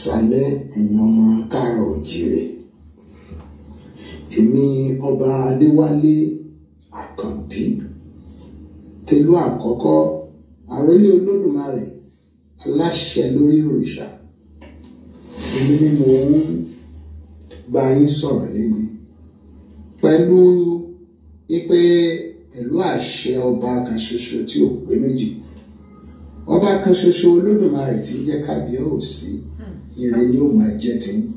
sálẹ̀ ẹ̀yin ọmọ káàárọ̀ oòjíire èmi ọba adéwálé àkànbí tẹlú àkọ́kọ́ àròlé olódùmarè aláṣẹ lórí òrìṣà èmi ni mò ń bá yín sọ̀rọ̀ lẹ́nu pẹ̀lú wípé pẹ̀lú àṣẹ ọba kan ṣoṣo tí ò pé méjì ọba kan ṣoṣo olódùmarè tí ń jẹ́ kábíyèsí. Si ire ni ó ma jẹ ti yín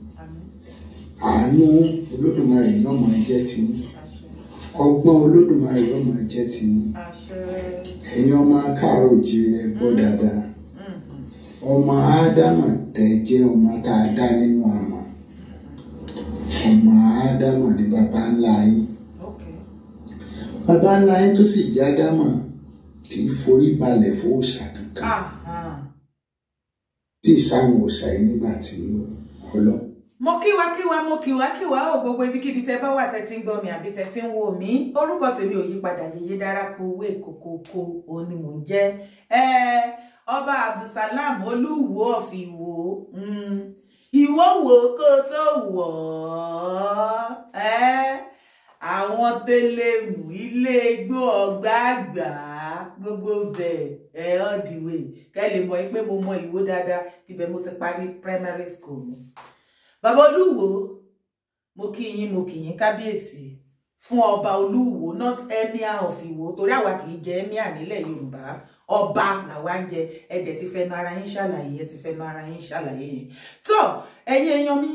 àánú olódùmarè náà ma jẹ ti Ọgbọ ọgbọ́n olódùmarè náà máa jẹ́ ti yín ẹ̀yin ọmọ akáàrọ̀ òjìrì ẹ ọmọ ádámà tẹ jẹ́ ọmọ tá dá nínú ọmọ ádámà ni bàbá ńlá yín bàbá ńlá tó sì jẹ́ tí ìsáhùn òòṣà yìí nígbà tí ọlọ. mo kíwákíwá mo kíwákíwá ò gbogbo ibikíbi tẹ bá wà tẹ ti ń gbọ́ mi àbí tẹ ti ń wò mi orúkọ tèmi ò yípadà yeye dára ko owó èkókókó òun ni mò ń jẹ́ ọba abdulsalam olúwo of Ìwó hmm. ìwọ wò kó tó wọ̀ ọ́ àwọn tẹlẹmù ilé igbó ọgbà àgbà gbogbo bẹ́ẹ̀ ẹ all the way kẹ́ lè mọ̀ pé mo mọ Ìwó dáadáa ibẹ̀ mo ti parí primary school mi. bàbá Olúwo mo kí yín mo kí yín kábíyèsí fún ọba Olúwo not emir of Ìwó torí àwa kì í jẹ emir nílẹ̀ Yorùbá ọba làwa ń jẹ ẹdẹ ti fẹnu ara yín ṣàlàyé ẹ ti fẹnu ara yín ṣàlàyé yẹn tó ẹ̀yin èèyàn mi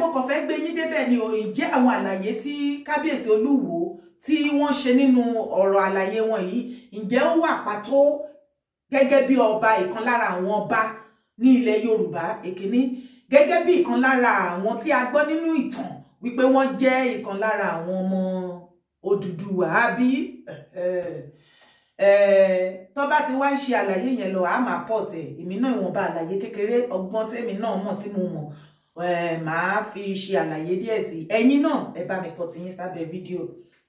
mo kàn fẹ́ gbé yín débẹ̀ ni ò ǹjẹ́ àwọn àlàyé tí kábíyèsí Olúwo tí wọ́n ṣe nínú ọ̀rọ̀ àlàyé wọn yìí ǹjẹ́ ó wà pàtó gẹ́gẹ́ bí ọba ìkan lára àwọn ọba ní ilẹ̀ Yorùbá èkíní gẹ́gẹ́ bí ìkan lára àwọn tí a gbọ́ nínú ìtàn wípé wọ́n jẹ́ ìkan lára àwọn ọmọ Odùduwà àbí tó bá ti wá ń ṣe àlàyé yẹn lọ a máa èmi náà ìwọ̀nba àlàyé kékeré ọgbọ́n tẹ́mi náà mọ̀ tí mo mọ̀ màá fi ṣe àlàyé díẹ̀ sí ẹ̀yin náà ẹ bá mi kọ tiyín sábẹ́ fídíò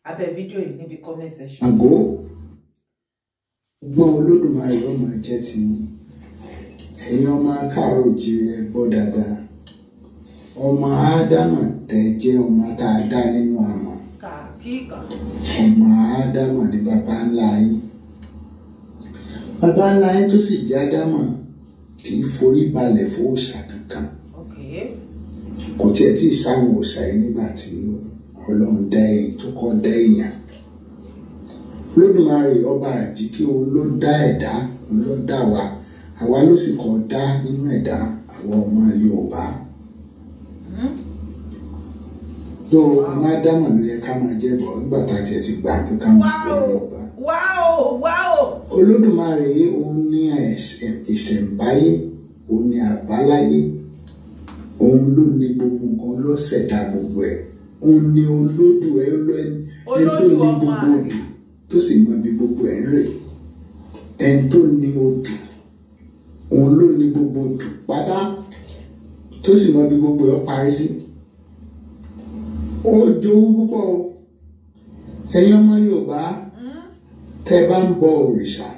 abẹ́ fídíò yìí níbi comment section. àgọ́ gbọ́n olódùmarè yóò máa jẹ́ tiyín èèyàn máa káàárọ̀ òjìrì ẹ gbọ́ dáadáa ọmọ ádámà tẹ́ jẹ́ ọmọ tá a dá nínú àmọ́ ọmọ ádámà ni bàbá ńlá yín bàbá ńlá yín tó sì jẹ́ ádámà kì í forí balẹ̀ fòòṣà kankan kò tiẹ̀ tí ì sáwọn òòṣà yìí nígbà tí ọlọ́run dá èyí tó kọ́ dá èèyàn lódùmarè ọba àjíkí òun ló dá ẹ̀dá òun ló dá wa àwa ló sì kọ́ dá nínú ẹ̀dá àwọn ọmọ Yorùbá tó amádàmọ ló yẹ ká máa jẹ bọ nígbà tá a tiẹ̀ ti gbà pé ká máa jẹ Yorùbá. wáò wáò. Olódùmarè òun ní ìṣẹ̀ǹbáyé òun ní àbáláyé òun ló ní gbogbo nǹkan ló ṣẹ̀dá gbogbo ẹ̀ òun ní olódùẹ ẹni tó ní gbogbo dùn tó sì mọ ibi gbogbo ẹ̀ ń rè ẹni tó ní odù òun ló ní gbogbo odù pátá tó sì mọ ibi gbogbo ẹ̀ parí sí ó jowú púpọ̀ ẹ̀yin ọmọ Yorùbá tẹ́ ẹ bá ń bọ òrìṣà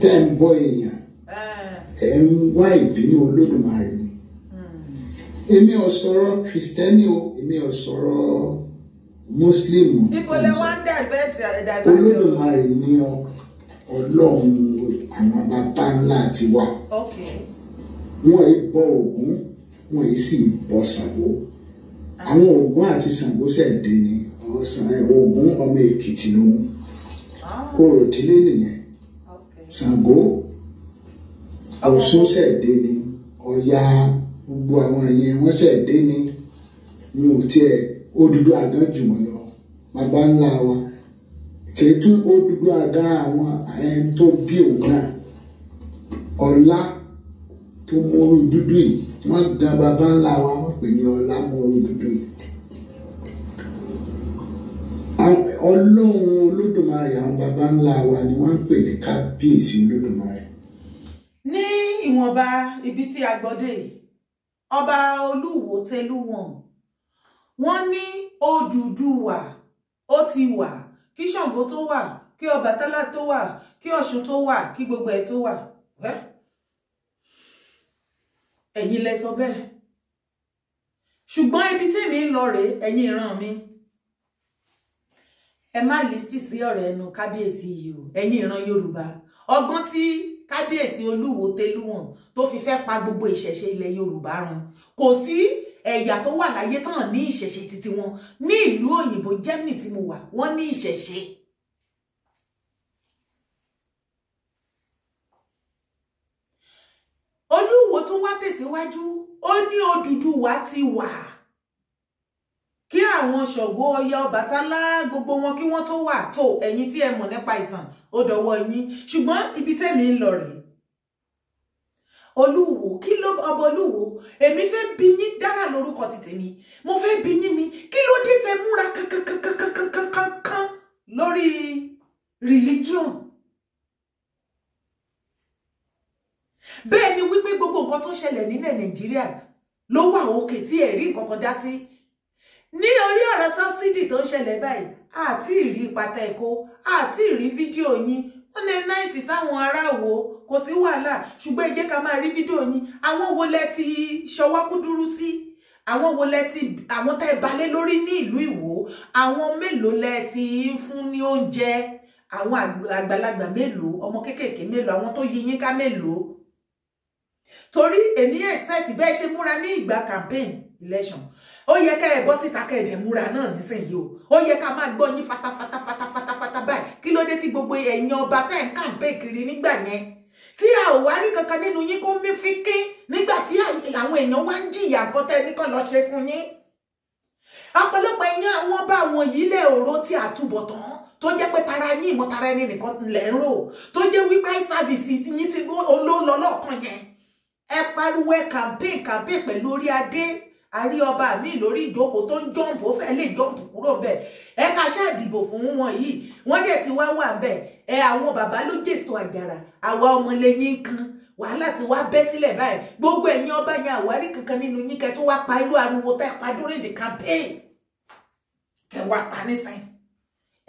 tẹ́ ẹ ń bọ èèyàn ẹ̀ ń wá ìbínú Olódùmarè ni èmi ò sọ̀rọ̀ kìrìsìtẹ́nì o èmi ò sọ̀rọ̀ muslim eh, olódùmarè ni ọlọ́run àwọn bàbá ńlá ti wà wọn ì bọ ògún wọn ì sì bọ ṣàngó àwọn ògún àti ṣàngó ṣẹ̀dẹ̀ ni ọ̀sán eh, ògún ọmọ èkìtì lòun kóró ìdílé nìyẹn ṣàngó ọ̀ṣun ṣẹ̀dẹ̀ ni ọya gbogbo àwọn ẹ̀yẹn wọn ṣẹ̀dẹ̀ ni wọn ò tiẹ̀. Odùduwà gan jù wọ́n lọ bàbá ńlá wa kìí tún Odùduwà gan àwọn ẹni tó bí òun náà ọlá tó mọ́rú dúdú yìí wọ́n gan bàbá ńlá wa wọ́n pè ní ọlá mọ́rú dúdú yìí. Ọlọ́run Olódùmarè àwọn bàbá ńlá wa ni wọ́n ń pè ní kábíyèsí Olódùmarè. ní ìwọ̀nba ibi tí a gbọ́dọ̀ yìí ọba Olúwo tẹlú wọn wọ́n ní Odùduwà ó ti wà kí Ṣàngó tó wà kí Ọbàtálá tó wà kí Ọ̀ṣun tó wà kí gbogbo ẹ̀ tó wà ẹ̀yin lẹ sọ bẹ́ẹ̀ ṣùgbọ́n ibi tí mi ń lọ rèé ẹ̀yin ìran mi ẹ má lísì sí ọ̀rọ̀ ẹnu kábíyèsí yìí o ẹ̀yin ìran Yorùbá ọgbọ́n tí kábíyèsí Olúwo Tẹlúwọn tó fi fẹ́ pa gbogbo ìṣẹ̀ṣe ilẹ̀ Yorùbá run kò sí ẹ̀yà tó wà láyé tán ní ìṣẹ̀ṣe títí wọn ní ìlú òyìnbó Germany tí mo wà wọ́n ní ìṣẹ̀ṣe. Olúwo tún wá tẹ̀síwájú ó ní Odùduwà ti wà kí àwọn Ṣàngó Ọya Ọbàtálá gbogbo wọn kí wọ́n tó wà tó ẹ̀yin tí ẹ mọ̀ nípa ìtàn ó dọ̀wọ́ yín ṣùgbọ́n ibi tẹ́mi ń lọ rèé olúwo kí ló ọba olúwo èmi fẹ́ bi yín dára lórúkọ ti tèmi mo fẹ́ bi yín ni kí ló dé tẹ múra kankankankankankankan lórí religion bẹ́ẹ̀ ni wípé gbogbo nǹkan tó ń ṣẹlẹ̀ nílẹ̀ nàìjíríà ló wà òkè tí ẹ̀rí nǹkan kan dá sí ní orí ọ̀rọ̀ sọ́sídì tó ń ṣẹlẹ̀ báyìí àti ìrí pátá ẹ̀kọ́ àti ìrí fídíò yín wọ́n lè náìsì sáwọn aráàwọ̀ kò sí wàhálà ṣùgbọ́n ẹ jẹ́ ká máa rí fídíò yín àwọn wo lẹ ti ṣọwọ́kúdúrú sí àwọn wo lẹ ti àwọn tá ẹ balẹ̀ lórí ní ìlú Ìwó àwọn mélòó lẹ ti fún ní oúnjẹ àwọn àgbàlagbà mélòó ọmọ kéékèèké mélòó àwọn tó yí yín ká mélòó torí èmi expect bẹ́ẹ̀ ṣe múra ní ìgbà campaign election ó yẹ ká ẹ bọ́ síta ká ẹ dẹ̀ múra náà nísìnyí o ó yẹ ká máa gbọ́ yín fatafata ló dé tí gbogbo ẹ̀yin ọba tẹ̀ ń kàǹpẹ́ kiri nígbà yẹn tí a ò wá rí kankan nínú yín kó mí fi kín nígbà tí àwọn èèyàn wá ń jìyà nǹkan tẹ́ lọ ṣe fún yín ọ̀pọ̀lọpọ̀ ẹ̀yin àwọn ọba àwọn yìí lè òró ti àtúbọ̀tán tó jẹ́ pé tara yín ìmọ̀ tara ẹni nìkan lẹ̀ ń rò tó jẹ́ wípé ṣàbìsì yín ti ló ń lọ lọ́ọ̀kan yẹn ẹ pariwo ẹ campaign campaign pẹ̀lú orí adé a rí ọba mi lórí ìjókòó tó ń jọ́ǹpù ó fẹ́ẹ́ lè jọ́ǹpù kúrò bẹ́ẹ̀ ẹ ká ṣáà dìbò fún wọn yìí wọ́n dẹ̀ ti wá wà bẹ́ẹ̀ ẹ àwọn bàbá ló jèso àjàrà àwa ọmọlẹ́yìn kan wàhálà ti wá bẹ́ sílẹ̀ báyìí gbogbo ẹ̀yin ọba yẹn àwárí kankan nínú yín kẹ tó wá pa irú ariwo tá ẹ pa during the campaign kẹ wá pa nísìnyí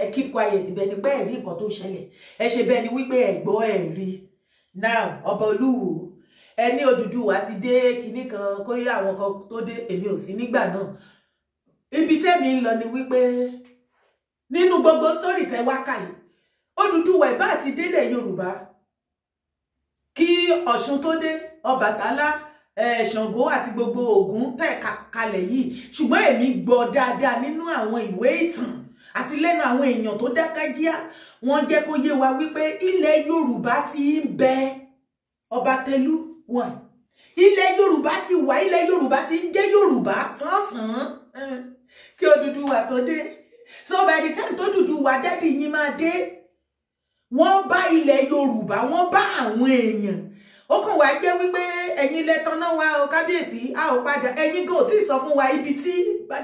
ẹ keep quiet bẹ́ẹ̀ ni pé ẹ nǹkan tó ṣẹlẹ̀ ẹ ṣe bẹ́ẹ̀ ni wípé ẹ gbọ́ now ọba olúwo ẹni Odùduwà ti dé kinní kan kó yá àwọn kan tó dé èmi ò sí nígbà náà ibi tẹ́mi ń lọ ni wípé nínú gbogbo sórí tẹ wákà yìí Odùduwà ìbá àti délẹ̀ Yorùbá kí Ọ̀ṣun tó dé Ọbàtálá Ṣàngó àti gbogbo Ògún tẹ̀ kalẹ̀ yìí ṣùgbọ́n èmi gbọ́ dáadáa nínú àwọn ìwé ìtàn àti lẹ́nu àwọn èèyàn tó dákájíá wọ́n jẹ́ kó yé wa wípé ilẹ̀ Yorùbá ti ń bẹ Ọba Tẹlú one ilẹ̀ yorùbá ti wà ilẹ̀ yorùbá ti ń jẹ́ yorùbá sán-sán kí Odùduwà tó dé so by the time tó Odùduwà dádì yín máa dé wọ́n bá ilẹ̀ yorùbá wọ́n bá àwọn èèyàn ó kàn wá jẹ́ wípé ẹ̀yin lẹ́tàn náà wá o kábíyèsí a ò padà ẹ̀yin gan ò tí ì sọ fún wa ibi tí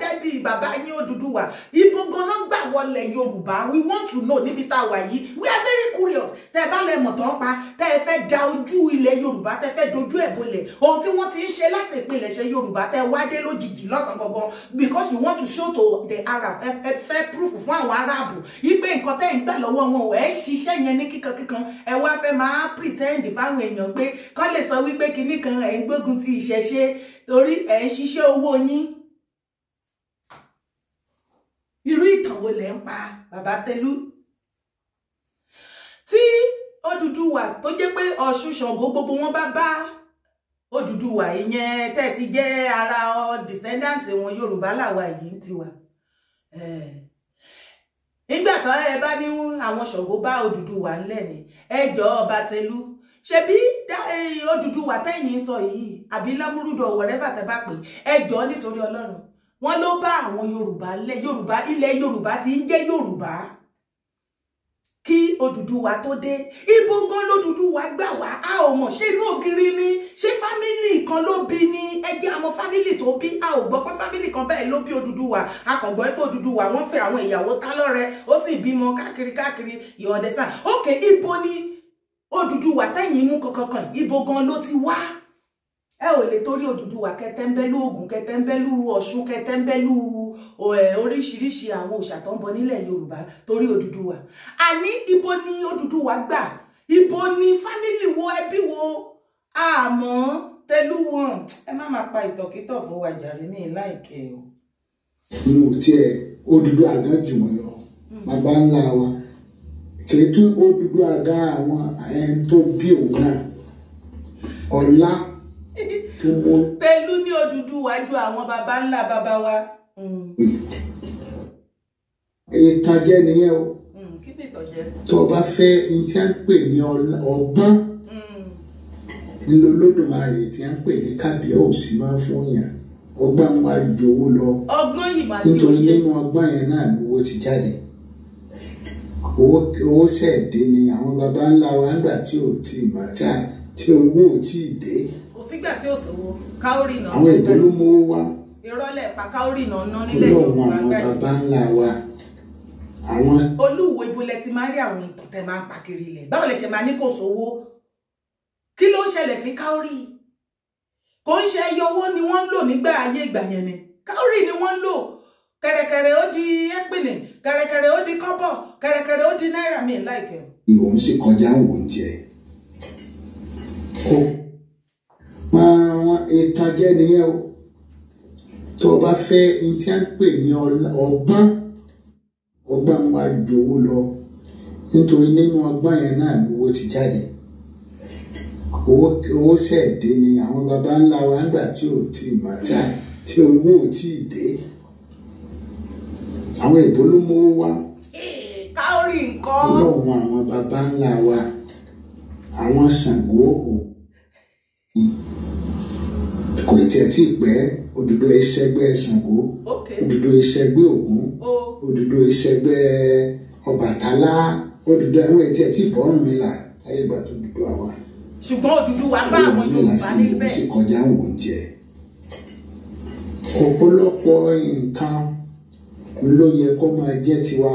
dádì bàbá yín Odùduwà ibo ganan gbà wọlẹ̀ Yorùbá we want to know níbi tá a wà yìí we are very curious tẹ́ ẹ bá lẹ mọ̀ tán pa tẹ́ ẹ fẹ́ da ojú ilẹ̀ Yorùbá tẹ́ fẹ́ dojú ẹ̀ bolẹ̀ ohun tí wọ́n ti ń ṣe láti ìpilẹ̀ṣẹ̀ Yorùbá tẹ́ wá dé lójijì lọ́kàn because you want to show to the Arab ẹ fẹ́ proof fún àwọn Arab ipe nǹkan tẹ́ ń gbà lọ́wọ́ wọn ò ẹ ṣiṣẹ́ yẹn ní kíkankíkan ẹ wá fẹ́ máa pretend fáwọn èèyàn pé kán lè sọ wípé kinní kan ẹ̀ ń gbógun ti ìṣẹ̀ṣe torí ẹ̀ ń ṣiṣẹ́ owó yín irú ìtàn wo lẹ̀ ń pa bàbá tẹlú tí Odùduwà tó jẹ́ pé Ọ̀ṣun Ṣàngó gbogbo wọn bá bá Odùduwà ìyẹn tẹ́ ti jẹ́ ara ọ descendant wọn Yorùbá làwa yìí ti wà nígbà tó ẹ bá ní àwọn Ṣàngó bá Odùduwà ńlẹ̀ ni ẹ jọ ọba tẹlú ṣebí Odùduwà tẹ́yìn sọ yìí àbí lámúrúdọ̀ wọ̀rẹ́bà tẹ́ bá pè ẹjọ́ nítorí Ọlọ́run wọn ló bá àwọn Yorùbá ńlẹ̀ Yorùbá ilẹ̀ Yorùbá ti ń jẹ́ Yorùbá kí Odùduwà tó dé ibo gan lÓdùduwà gbà wá a ò mọ̀ ṣé inú ògiri ni ṣé fámìlì kan ló bí ni ẹgbẹ́ àwọn fámìlì tó bí a ò gbọ́ pé fámìlì kan bẹ́ẹ̀ ló bí Odùduwà a kàn gbọ́ pé Odùduwà wọ́n fẹ́ àwọn ìyàwó tálọ́rẹ ó sì bímọ káàkiri káàkiri you understand okay ibo ni Odùduwà tẹ́yìn mú kankankan ibo gan ló ti wá ẹ ò lè torí Odùduwà kẹtẹ́ńbẹ́lú Ògùn kẹtẹ́ńbẹ́lú o kẹtẹ́ńbẹ́lú oríṣiríṣi àwọn òòṣà tó ń bọ nílẹ̀ Yorùbá torí Odùduwà àní ibo ni wa gbà ibo ni fámìlì wo ẹbí wo àmọ́ tẹlú wọn ẹ má máa pa ìtọ̀kítọ̀ fún wa jàre ní láìkẹ́ o. mo tiẹ̀ Odùduwà gan jùmọ̀ lọ hmm. bàbá ńlá wa èyí tí ó dúdú àga àwọn ẹni tó bí òun náà ọlá tó mú. pẹ̀lú ní òdúdú wájú àwọn baba ńlá baba wa. ìtàjẹ nìyẹn o hmm, tó o bá fẹ́ ní tí a ń pè ní ọgbọ́n hmm. ńlọlọ́dúnmáyé tí a ń pè ní kábíyèsí máa ń fún yàn ọgbọ́n máa jowó lọ nítorí nínú ọgbọ́n yẹn náà lówó ti jáde owó owó ṣẹ̀dé ni àwọn baba ńlá wa ńgbà tí ò tí ì mọ̀ tá tí owó ò tí ì dé. kò sígbà tí ò sòwò káórì náà. àwọn èdè ló mú owó wá. ìrọ̀lẹ́ pa káórì náà ná nílẹ̀ Yorùbá gbà. olóòwò àwọn baba ńlá wa àwọn. olúwo ibo lẹ ti máa rí àwọn ìtàn tẹ máa ń pa kiri ilẹ̀ báwo lẹ ṣe máa ní kò sówó kí ló ń ṣẹlẹ̀ sí káórì kò ń ṣe ẹyọ owó ni wọ́n ń lò nígbà ayé ìgbà yẹn ni káórì ni wọ́n ń lò kẹ̀rẹ̀kẹ̀rẹ̀ ó di épìlẹ̀ kẹ̀rẹ̀kẹ̀rẹ̀ ó di kọ́bọ̀ kẹ̀rẹ̀kẹ̀rẹ̀ ó di náírà mi láìkẹ́. ìwọ ń ṣe kọjá ń wò ń tiẹ̀ kó máa ìtànjẹ nìyẹn o tó o bá fẹ́ ní tí a ń pè ní ọgbọ́n ọgbọ́n wa jowó lọ nítorí nínú ọgbọ́n yẹn náà owó ti jáde owó sẹ̀dé ni àwọn baba ńlá wa ń gbà tí ò tí ì mọ̀ tí owó ò tí ì dé. àwọn èbó ló mówó wá káórì nǹkan ọlọ́run àwọn baba ńlá wa àwọn Ṣàngó kò tiẹ̀ tí ì pẹ́ Odùduwà ìṣẹ́gbẹ́ Ṣàngó Odùduwà ìṣẹ́gbẹ́ Ògún Odùduwà ìṣẹ́gbẹ́ Ọbàtálá Odùduwà àwọn ètí ẹ̀ tí ì bọ́rùn mi là láyé ìgbà tó dúdú àwa. ṣùgbọ́n Odùduwà bá àwọn Yorùbá níbẹ̀. Ògún sì kọjá òun tiẹ̀ ọ̀pọ̀lọpọ̀ nǹkan ló yẹ kó máa jẹ́ tiwa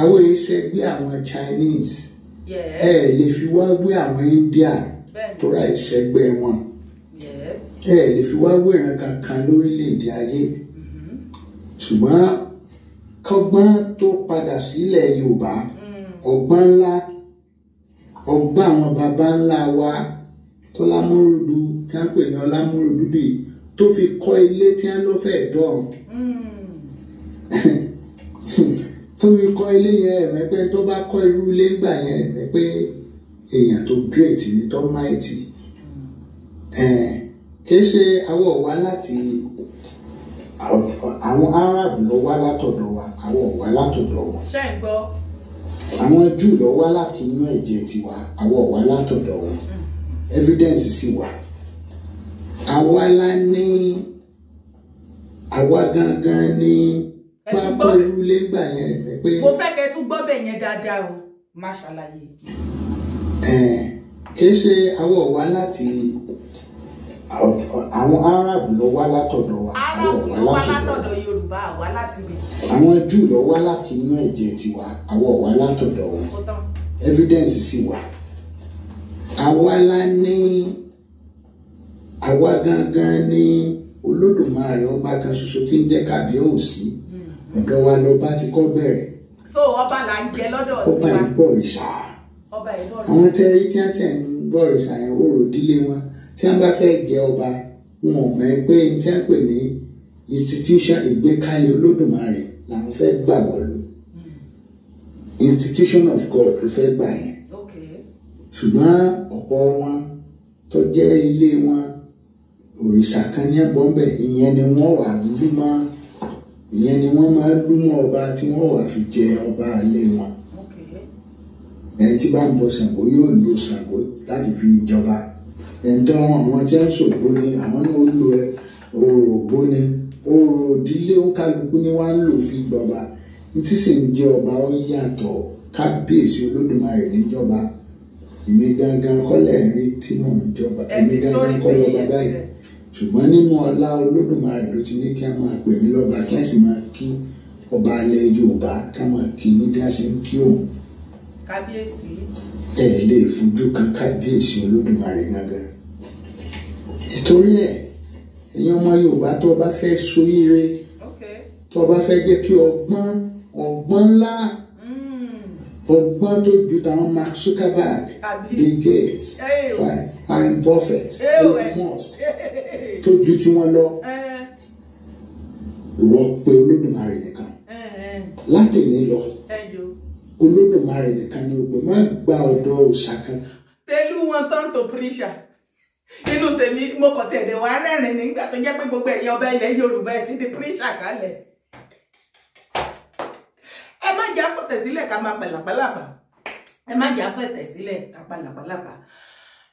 àwọn iṣẹ́ gbé àwọn Chinese ẹ lè fi wá wé àwọn India tó ra ìṣẹ́gbẹ́ wọn ẹ lè fi wá wé ìran kankan lórílẹ̀‐èdè ayé mm-hmm. ṣùgbọ́n kọ́gbọ́n tó padà sílẹ̀ Yorùbá mm. ọgbọ́n ńlá ọgbọ́n àwọn baba ńlá wa tọ́lámúrúdú tí wọ́n ń pè ní ọlámúrúdú bíi tó fi kọ́ ilé tí wọ́n lọ fẹ́ dọ̀rùn. Mm tó fi kọ́ ilé yẹn ẹ̀mẹ́ pé tó bá kọ́ irú ilé ńgbà yẹn ẹ̀mẹ́ pé èèyàn tó great ni tó mighty kìí ṣe àwọn ọ̀wá láti àwọn Arab lọ wá látọ̀dọ̀ wa àwọn ọ̀wá látọ̀dọ̀ wọn. ṣé ẹ gbọ́. àwọn Júù lọ wá láti inú ẹ̀jẹ̀ tiwa àwọn ọ̀wá látọ̀dọ̀ wọn hmm. evidence sì wà àwa la ní àwa gangan ní. Ni pápá irúlé gbà yẹn ni pé. tún gbọ́ bẹ̀ yẹn dáadáa o má ṣàlàyé. kìí ṣe àwọn wá láti àwọn arab ló wá látọ̀dọ̀ wa. arab ló wá látọ̀dọ̀ yorùbá àwa láti bẹ̀. àwọn júù ló wá láti inú ẹ̀jẹ̀ tiwa àwọn wá látọ̀dọ̀ wọn evidence sì wà àwa la ní àwa gangan ní olódùmarè ọba kan ṣoṣo tí ń jẹ́ kábíyèsí ọ̀dọ̀ wa lọba ti kọ́ bẹ̀rẹ̀. so ọba là ń jẹ lọ́dọ̀ tiwa. ọba ìbọ̀rìṣà. ọba ìbọ̀rìṣà. àwọn tẹ́ rí tí wọ́n ṣe ń bọ̀rìṣà yẹn wòrò dílé wọn tí wọ́n bá fẹ́ jẹ ọba wọn ò mọ̀ pé tí wọ́n pè ní institution ìgbékalẹ̀ olódùmarè làwọn fẹ́ gbà wọ̀lú hmm. institution of God ló fẹ́ gbà yẹn. ṣùgbọ́n ọ̀pọ̀ wọn tó jẹ́ ilé wọn òrìṣà kan ní ẹ̀bọ̀n bẹ̀ ìyẹn ni wọ́n wà lójúmọ́ ìyẹn ni wọ́n máa lú mọ́ ọba tí wọ́n wà fi jẹ ọba alẹ́ wọn ẹni tí bá ń bọ Ṣàngó yóò lo Ṣàngó láti fi jọba ẹni tó wọn àwọn tí ń ṣògbó ni àwọn náà ń lo òrògbó ni òrò ìdílé oníkálukú ni wọ́n á lò fi gbọba tí sì ń jẹ ọba ó yàtọ̀ kábíyèsí olódùmarè níjọba èmi gangan kọ́lẹ̀ rí tí mò ń jọba èmi gangan kọ́lẹ̀ ọba báyìí ṣùgbọ́n nínú ọlá olódùmarè ló ti ní kí a máa pè mí lọ́ba kí a sì máa kí ọba alẹ́ yorùbá ká máa kí ní bí a ṣe ń kí òun. kábíyèsí. ẹ lè fojú kan kábíyèsí olódùmarè gangan. ìtorí ẹ ẹ̀yin ọmọ yorùbá tó o bá fẹ́ soríire tó o bá fẹ́ jẹ́ kí ọgbọ́n ọgbọ́n ńlá ọgbọ́n tó ju tàwọn mark zuckerberg bill gates warren buffett elon musk tó ju tí wọ́n lọ eh. wọ́n pe olódùmarè nìkan eh, eh. láti ní lọ olódùmarè nìkan ni ògbó má gba ọ̀dọ̀ òòṣà kan. tẹ́lú wọn tán tó píríṣà inú tèmi mo kọ̀ tiẹ̀ dẹ̀ wá rẹ́rìn-ín nígbà tó jẹ́ pé gbogbo ẹ̀yìn ọba ilẹ̀ yorùbá ẹ̀ ti di píríṣà kálẹ̀. fẹ̀tẹ̀ sílẹ̀ ká máa pàlàpàlàpà ẹ má jà fẹ̀tẹ̀ sílẹ̀ ká pàlàpàlàpà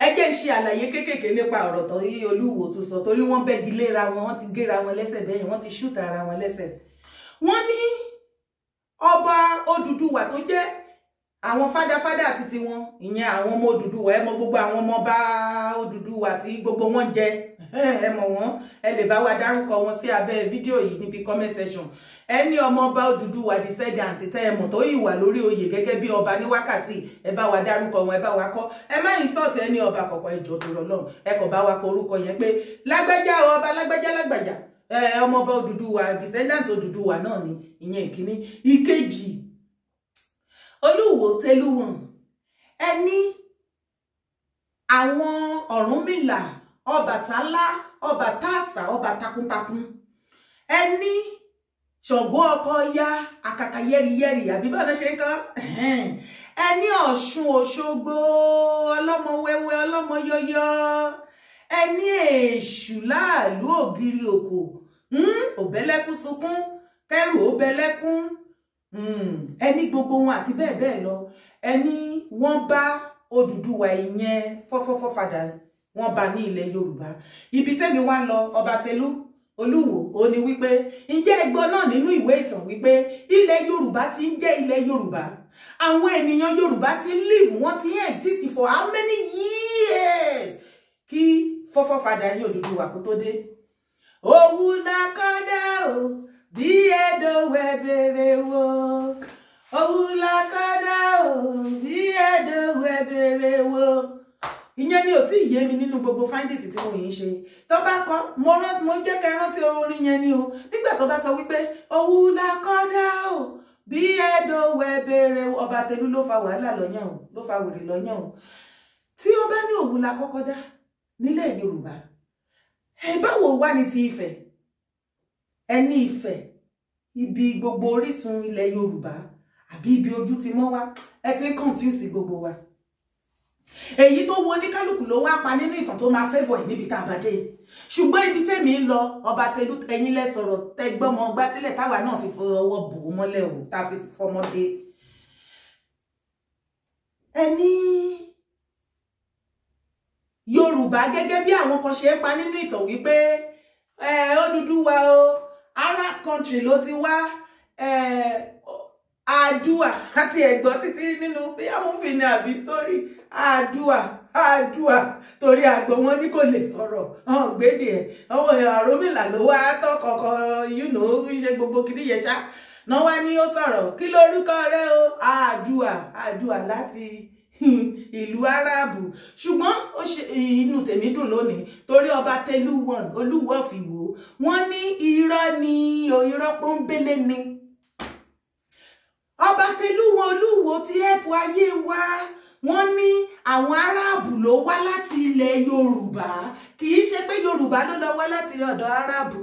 ẹ jẹ́ ṣe àlàyé kéékèèké nípa ọ̀rọ̀ tó yí olúwo tó sọ torí wọ́n bẹ́gi léra wọn wọ́n ti géra wọn lẹ́sẹ̀ bẹ́yìn wọ́n ti ṣúta ara wọn lẹ́sẹ̀ wọ́n ní ọba Odùduwà tó jẹ́ àwọn fádáfádá àti tiwọn ìyẹn àwọn ọmọ Odùduwà ẹ mọ gbogbo àwọn ọmọ ọba Odùduwà tí gbogbo wọn jẹ ẹ mọ̀ wọ́n ẹ lè bá wa dárúkọ wọn sí abẹ́ fídíò yìí níbi comment section ẹni ọmọ ọba Odùduwà descendant tẹ ẹ mọ̀ tó ìwà lórí oyè gẹ́gẹ́ bí ọba ní wákàtí ẹ bá wa dárúkọ wọn ẹ bá wa kọ ẹ má insult ẹni ọba kọ̀kọ̀ ẹjọ tó lọ lọ́hùn ẹ kọ̀ bá wa kọ orúkọ yẹn pé lágbájá ọba lágbájá lágbájá ọmọ ọba Odùduwà descendant Odùduwà náà ni ìyẹn ìkíní ìkejì Olúwo Tẹ́lúwọ̀n ẹni àwọn Ọ̀rúnmìlà Ọbàtálá ọba táàsà ọba takuntakun ẹni ṣọ̀gbọ́ ọkọ ya àkàkà yẹ́rìyẹ́rì àbí bọ́ọ̀lù ṣe ń kọ́ ẹni ọ̀ṣun òṣogbo ọlọ́mọ wẹ́wẹ́ ọlọ́mọ yọyọ ẹni èṣù láàlú ògiri òkò hmm, òbẹ́lẹ́kún sunkún kẹrù òbẹ́lẹ́kún hmm, ẹni gbogbo wọn àti bẹ́ẹ̀ bẹ́ẹ̀ lọ ẹni wọ́n bá Odùduwà ìyẹn fọ́fọ́fọ́ fàdà wọ́n bá ní ilẹ̀ yorùbá ibi tẹ́mi wá lọ ọbatẹlú olúwo ó ní wípé ǹjẹ́ ẹ gbọ́ náà nínú ìwé ìtàn wípé ilẹ̀ ti ń jẹ́ ilẹ̀ yorùbá àwọn ènìyàn ti live wọ́n ti exist for how many years kí fọ́fọ́ fadà yín Odùduwà kó tó dé òwú náà kọ́dá o bí ẹ̀dọ̀wẹ̀ bèrè wo òwú náà kada, o bí ẹ̀dọ̀wẹ̀ bèrè wo ìyẹn ni ò tí ì yé mi nínú gbogbo findings tí mo yìí ṣe tó bá kọ mo rán mo jẹ́ kẹ́ rántí orin yẹn ni o nígbà tó bá sọ wípé òwú la kọ́ o bí ẹ̀dọ̀ wẹ̀ bèrè ọba tẹ̀lú ló fa wàhálà lọ́yàn o ló fa wèrè lọ́yàn o tí ó bá ní òwú la kọ́kọ́ dá nílẹ̀ yorùbá ẹ báwo wá ní ti Ifẹ̀ ẹni Ifẹ̀ ibi gbogbo orísun ilẹ̀ yorùbá àbí ibi ojú ti mọ́ wá ẹ ti confuse gbogbo wa èyí tó wo oníkálukú ló wá pa nínú ìtàn tó máa fẹ́vọ̀ ẹ̀ níbi tá a bá dé ṣùgbọ́n ibi tẹ́mi ń lọ ọba tẹlú ẹ̀yin lẹ sọ̀rọ̀ tẹgbọ́mọ gbá sílẹ̀ táwa náà fi fọwọ́ bò ó mọ́lẹ̀ o tá a fi fọmọdé ẹni yorùbá gẹ́gẹ́ bí àwọn kan ṣe ń pa nínú ìtàn wípé Odùduwà o arab country ló ti wá àdúà àti ẹ̀gbọ́n títí nínú bí àwọn òfin ni àbí story àdúà àdúà torí àgbọ̀ wọn ní kò lè sọ̀rọ̀ hàn gbédè ẹ̀ àwọn èèyàn àrómìlà ló wá tọkọkọ yúnú ṣe gbogbo kìdí yẹn ṣá náà wá ní ó sọ̀rọ̀ kí lórúkọ rẹ o àdúà àdúà láti ìlú aráàbù ṣùgbọ́n inú tèmi dùn lónìí torí ọba tẹlúwọn olúwọ̀fìwò wọ́n ní irọ́ ni irọ́ pọ́nbélé ni ọba tẹlúwọn olúwo ti hẹ́pù ayé wa wọ́n ní àwọn aráàbù ló wá láti ilẹ̀ yorùbá kì í ṣe pé yorùbá ló lọ wá láti ọ̀dọ̀ aráàbù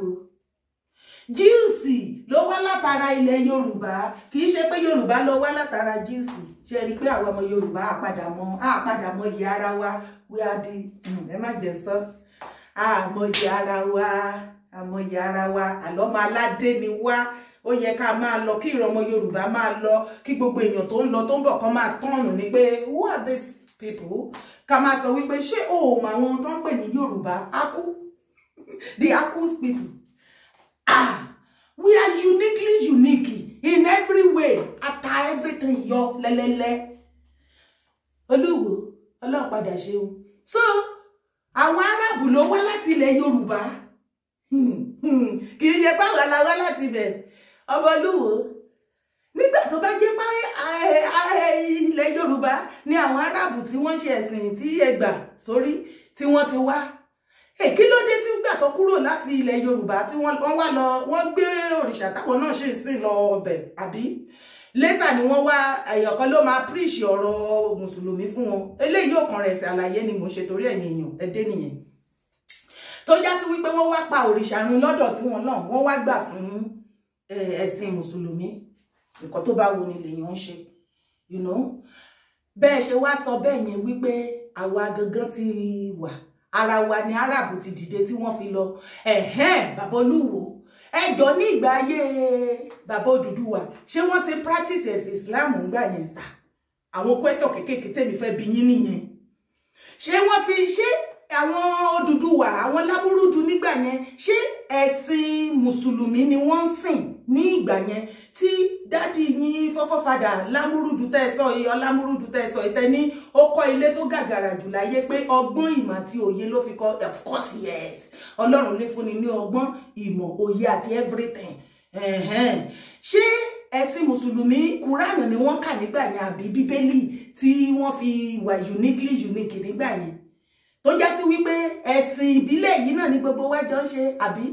jíùsì ló wá látara ilẹ̀ yorùbá kì í ṣe pé yorùbá ló wá látara jíùsì ṣe rí i pé àwọn ọmọ yorùbá àpadà mọ yìí ara wa wí adi hmm, ẹ má jẹ sọ àmọyìí ara wa àmọyìí ara wa àlọ́ máa ládé ni wá ó yẹ ká máa lọ kí ìran ọmọ yorùbá máa lọ kí gbogbo èèyàn tó ń lọ tó ń bọ̀ kan máa tọ́nù ní pé who are these people ká máa sọ wípé ṣé òun àwọn tó ń pè ní yorùbá akú the akus people ah we are uniquely unique in every way ata everything yọ lẹ́lẹ́lẹ́ olúwo ọlọ́run padà ṣeun so àwọn aráàbù ló wá láti ilẹ̀ yorùbá hmm, hmm, kì í ṣe báwa la wá láti ibẹ̀ ọbọlúwo nígbà tó bá jẹ́ pé eh, ilẹ̀ yorùbá ni àwọn aráàbù tí wọ́n ṣe ẹ̀sìn tí ẹgbà sórí tí wọ́n ti wá eh, kí ló dé tí ń gbà tó kúrò láti ilẹ̀ yorùbá tí wọ́n wá lọ wọ́n gbé òrìṣà táwọn náà ṣe ìsìn lọ ọbẹ̀ àbí létà ni wọ́n wá èèyàn kan ló máa príṣì ọ̀rọ̀ mùsùlùmí fún wọn eléyìí ò kàn rẹ̀ àlàyé ni mò ń ṣe torí ẹ̀yìn èèyàn ẹ̀dẹ́ nìyẹn tó já sí wípé wọ́n wá pa òrìṣà run lọ́dọ̀ tí wọ́n lọ́n wọ́n wá gbà fún ẹ̀sìn mùsùlùmí nǹkan tó bá wo ni lèyàn ń ṣe you know bẹ́ẹ̀ ṣe wá sọ bẹ́ẹ̀ yẹn wípé àwa gangan ti wà ara wa ni arab ti dìde tí wọ́n fi lọ ẹ̀hẹ́n bàbá olúwo ẹjọ́ ní ìgbà ayé bàbá Odùduwà ṣé wọ́n ti practice ẹ̀sìn islam ń gbà yẹn sà àwọn question kékèké tèmi fẹ́ bi yín nìyẹn ṣé wọ́n ti ṣé àwọn Odùduwà àwọn Lábúrúdù nígbà yẹn ṣé ẹ̀sìn mùsùlùmí ni wọ́n ń sìn ní ìgbà yẹn tí dádì yín fọ́fọ́fadà Lámúrúdù tẹ́sọ̀ yìí Ọlámúrúdù tẹ́sọ̀ yìí tẹ́ ní ó kọ́ ilé tó gàgàrà jù láyé pé ọgbọ́n ìmọ̀ àti òye ló fi kọ́ of course yes ọlọ́run lè fúnni ní ọgbọ́n ìmọ̀ òye àti everything ṣé ẹ̀sìn mùsùlùmí kúránù ni wọ́n kà nígbà yẹn àbí bíbélì tí wọ́n fi wà uniquely unique nígbà yẹn tó já sí wípé ẹ̀sìn ìbílẹ̀ yìí náà ni gbogbo wa jọ ń ṣe àbí